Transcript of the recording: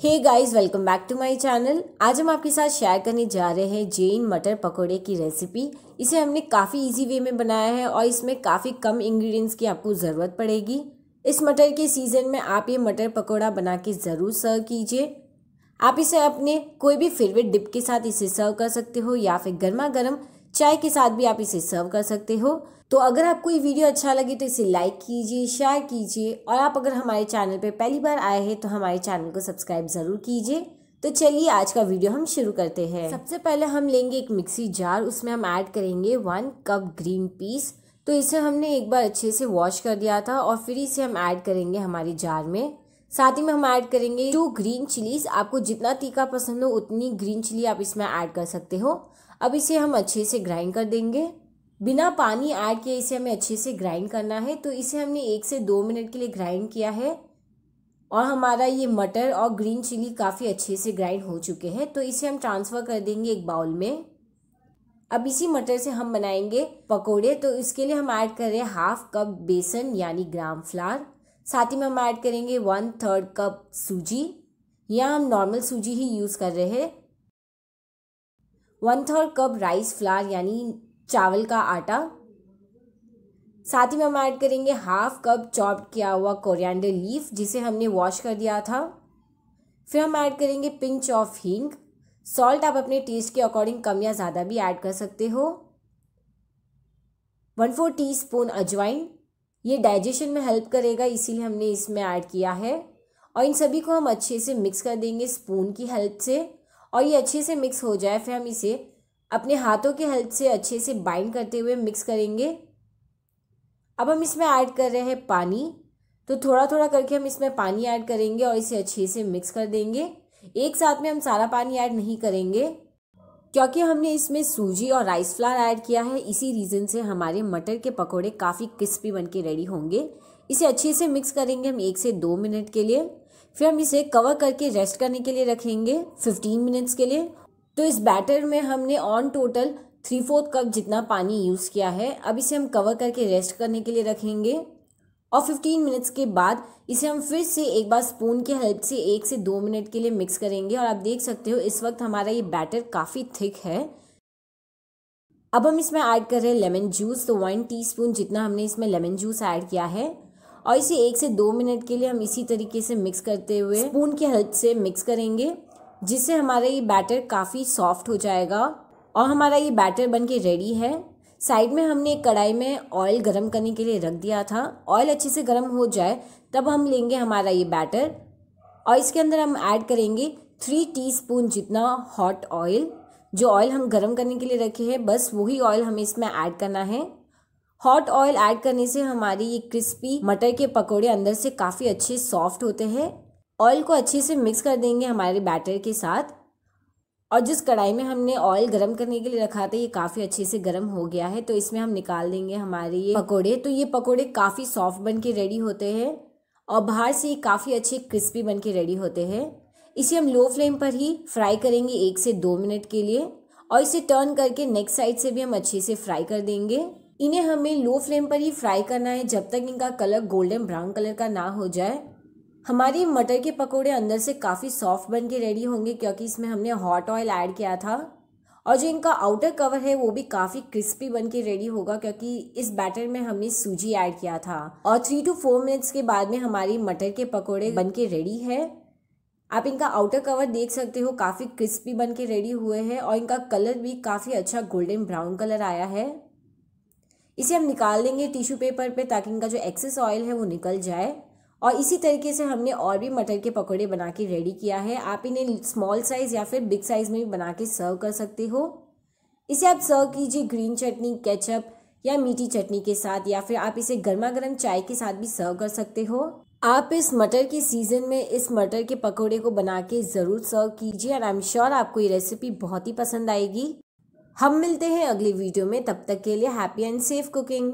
hey guys welcome back to my channel आज हम आपके साथ शेयर करने जा रहे हैं जैन मटर पकोड़े की रेसिपी इसे हमने काफ़ी इजी वे में बनाया है और इसमें काफ़ी कम इंग्रेडिएंट्स की आपको ज़रूरत पड़ेगी इस मटर के सीज़न में आप ये मटर पकोड़ा बना के ज़रूर सर्व कीजिए आप इसे अपने कोई भी फेवरेट डिप के साथ इसे सर्व कर सकते हो या फिर गर्मा गर्म चाय के साथ भी आप इसे सर्व कर सकते हो तो अगर आपको ये वीडियो अच्छा लगे तो इसे लाइक कीजिए शेयर कीजिए और आप अगर हमारे चैनल पर पहली बार आए हैं तो हमारे चैनल को सब्सक्राइब ज़रूर कीजिए तो चलिए आज का वीडियो हम शुरू करते हैं सबसे पहले हम लेंगे एक मिक्सी जार उसमें हम ऐड करेंगे वन कप ग्रीन पीस तो इसे हमने एक बार अच्छे से वॉश कर दिया था और फिर इसे हम ऐड करेंगे हमारे जार में साथ ही में हम ऐड करेंगे टू ग्रीन चिलीज आपको जितना तीखा पसंद हो उतनी ग्रीन चिली आप इसमें ऐड कर सकते हो अब इसे हम अच्छे से ग्राइंड कर देंगे बिना पानी ऐड किए इसे हमें अच्छे से ग्राइंड करना है तो इसे हमने एक से दो मिनट के लिए ग्राइंड किया है और हमारा ये मटर और ग्रीन चिली काफ़ी अच्छे से ग्राइंड हो चुके हैं तो इसे हम ट्रांसफ़र कर देंगे एक बाउल में अब इसी मटर से हम बनाएंगे पकोड़े तो इसके लिए हम ऐड कर रहे हैं हाफ कप बेसन यानी ग्राम फ्लार साथ ही में हम ऐड करेंगे वन थर्ड कप सूजी या हम नॉर्मल सूजी ही यूज़ कर रहे हैं one third cup rice flour यानी चावल का आटा साथ ही में हम ऐड करेंगे हाफ कप चॉप्ड किया हुआ कोरिएंडर लीफ जिसे हमने वॉश कर दिया था फिर हम ऐड करेंगे पिंच ऑफ हींग सॉल्ट आप अपने टेस्ट के अकॉर्डिंग कम या ज़्यादा भी ऐड कर सकते हो वन फोर टी स्पून अजवाइन ये डाइजेशन में हेल्प करेगा इसीलिए हमने इसमें ऐड किया है और इन सभी को हम अच्छे से मिक्स कर देंगे स्पून की हेल्प से और ये अच्छे से मिक्स हो जाए फिर हम इसे अपने हाथों के हेल्प से अच्छे से बाइंड करते हुए मिक्स करेंगे अब हम इसमें ऐड कर रहे हैं पानी तो थोड़ा थोड़ा करके हम इसमें पानी ऐड करेंगे और इसे अच्छे से मिक्स कर देंगे एक साथ में हम सारा पानी ऐड नहीं करेंगे क्योंकि हमने इसमें सूजी और राइस फ्लावर ऐड किया है इसी रीज़न से हमारे मटर के पकौड़े काफ़ी क्रिस्पी बन के रेडी होंगे इसे अच्छे से मिक्स करेंगे हम एक से दो मिनट के लिए फिर हम इसे कवर करके रेस्ट करने के लिए रखेंगे 15 मिनट्स के लिए तो इस बैटर में हमने on total three fourth cup जितना पानी यूज़ किया है अब इसे हम कवर करके रेस्ट करने के लिए रखेंगे और 15 मिनट्स के बाद इसे हम फिर से एक बार स्पून की हेल्प से एक से दो मिनट के लिए मिक्स करेंगे और आप देख सकते हो इस वक्त हमारा ये बैटर काफ़ी थिक है अब हम इसमें ऐड कर रहे हैं लेमन जूस तो वन टीस्पून जितना हमने इसमें लेमन जूस ऐड किया है और इसे एक से दो मिनट के लिए हम इसी तरीके से मिक्स करते हुए स्पून की हेल्प से मिक्स करेंगे जिससे हमारा ये बैटर काफ़ी सॉफ्ट हो जाएगा और हमारा ये बैटर बन के रेडी है साइड में हमने एक कढ़ाई में ऑयल गरम करने के लिए रख दिया था ऑयल अच्छे से गरम हो जाए तब हम लेंगे हमारा ये बैटर और इसके अंदर हम ऐड करेंगे थ्री स्पून जितना हॉट ऑयल जो ऑयल हम गरम करने के लिए रखे हैं बस वही ऑयल हमें इसमें ऐड करना है हॉट ऑयल ऐड करने से हमारी ये क्रिस्पी मटर के पकौड़े अंदर से काफ़ी अच्छे सॉफ्ट होते हैं ऑयल को अच्छे से मिक्स कर देंगे हमारे बैटर के साथ और जिस कढ़ाई में हमने ऑयल गरम करने के लिए रखा था ये काफ़ी अच्छे से गरम हो गया है तो इसमें हम निकाल देंगे हमारे ये पकोड़े तो ये पकोड़े काफ़ी सॉफ्ट बन के रेडी होते हैं और बाहर से ये काफ़ी अच्छे क्रिस्पी बन के रेडी होते हैं इसे हम लो फ्लेम पर ही फ्राई करेंगे एक से दो मिनट के लिए और इसे टर्न करके नेक्स्ट साइड से भी हम अच्छे से फ्राई कर देंगे इन्हें हमें लो फ्लेम पर ही फ्राई करना है जब तक इनका कलर गोल्डन ब्राउन कलर का ना हो जाए हमारे मटर के पकोड़े अंदर से काफ़ी सॉफ्ट बन के रेडी होंगे क्योंकि इसमें हमने हॉट ऑयल ऐड किया था और जो इनका आउटर कवर है वो भी काफ़ी क्रिस्पी बन के रेडी होगा क्योंकि इस बैटर में हमने सूजी ऐड किया था और थ्री टू फोर मिनट्स के बाद में हमारी मटर के पकोड़े बन के रेडी है आप इनका आउटर कवर देख सकते हो काफ़ी क्रिस्पी बन के रेडी हुए हैं और इनका कलर भी काफ़ी अच्छा गोल्डन ब्राउन कलर आया है इसे हम निकाल देंगे टिश्यू पेपर पे ताकि इनका जो एक्सेस ऑयल है वो निकल जाए और इसी तरीके से हमने और भी मटर के पकौड़े बना के रेडी किया है आप इन्हें स्मॉल साइज़ या फिर बिग साइज़ में भी बना के सर्व कर सकते हो इसे आप सर्व कीजिए ग्रीन चटनी केचप या मीठी चटनी के साथ या फिर आप इसे गर्मा गर्म चाय के साथ भी सर्व कर सकते हो आप इस मटर के सीज़न में इस मटर के पकोड़े को बना के ज़रूर सर्व कीजिए और आई एम श्योर आपको ये रेसिपी बहुत ही पसंद आएगी हम मिलते हैं अगली वीडियो में तब तक के लिए हैप्पी एंड सेफ कुकिंग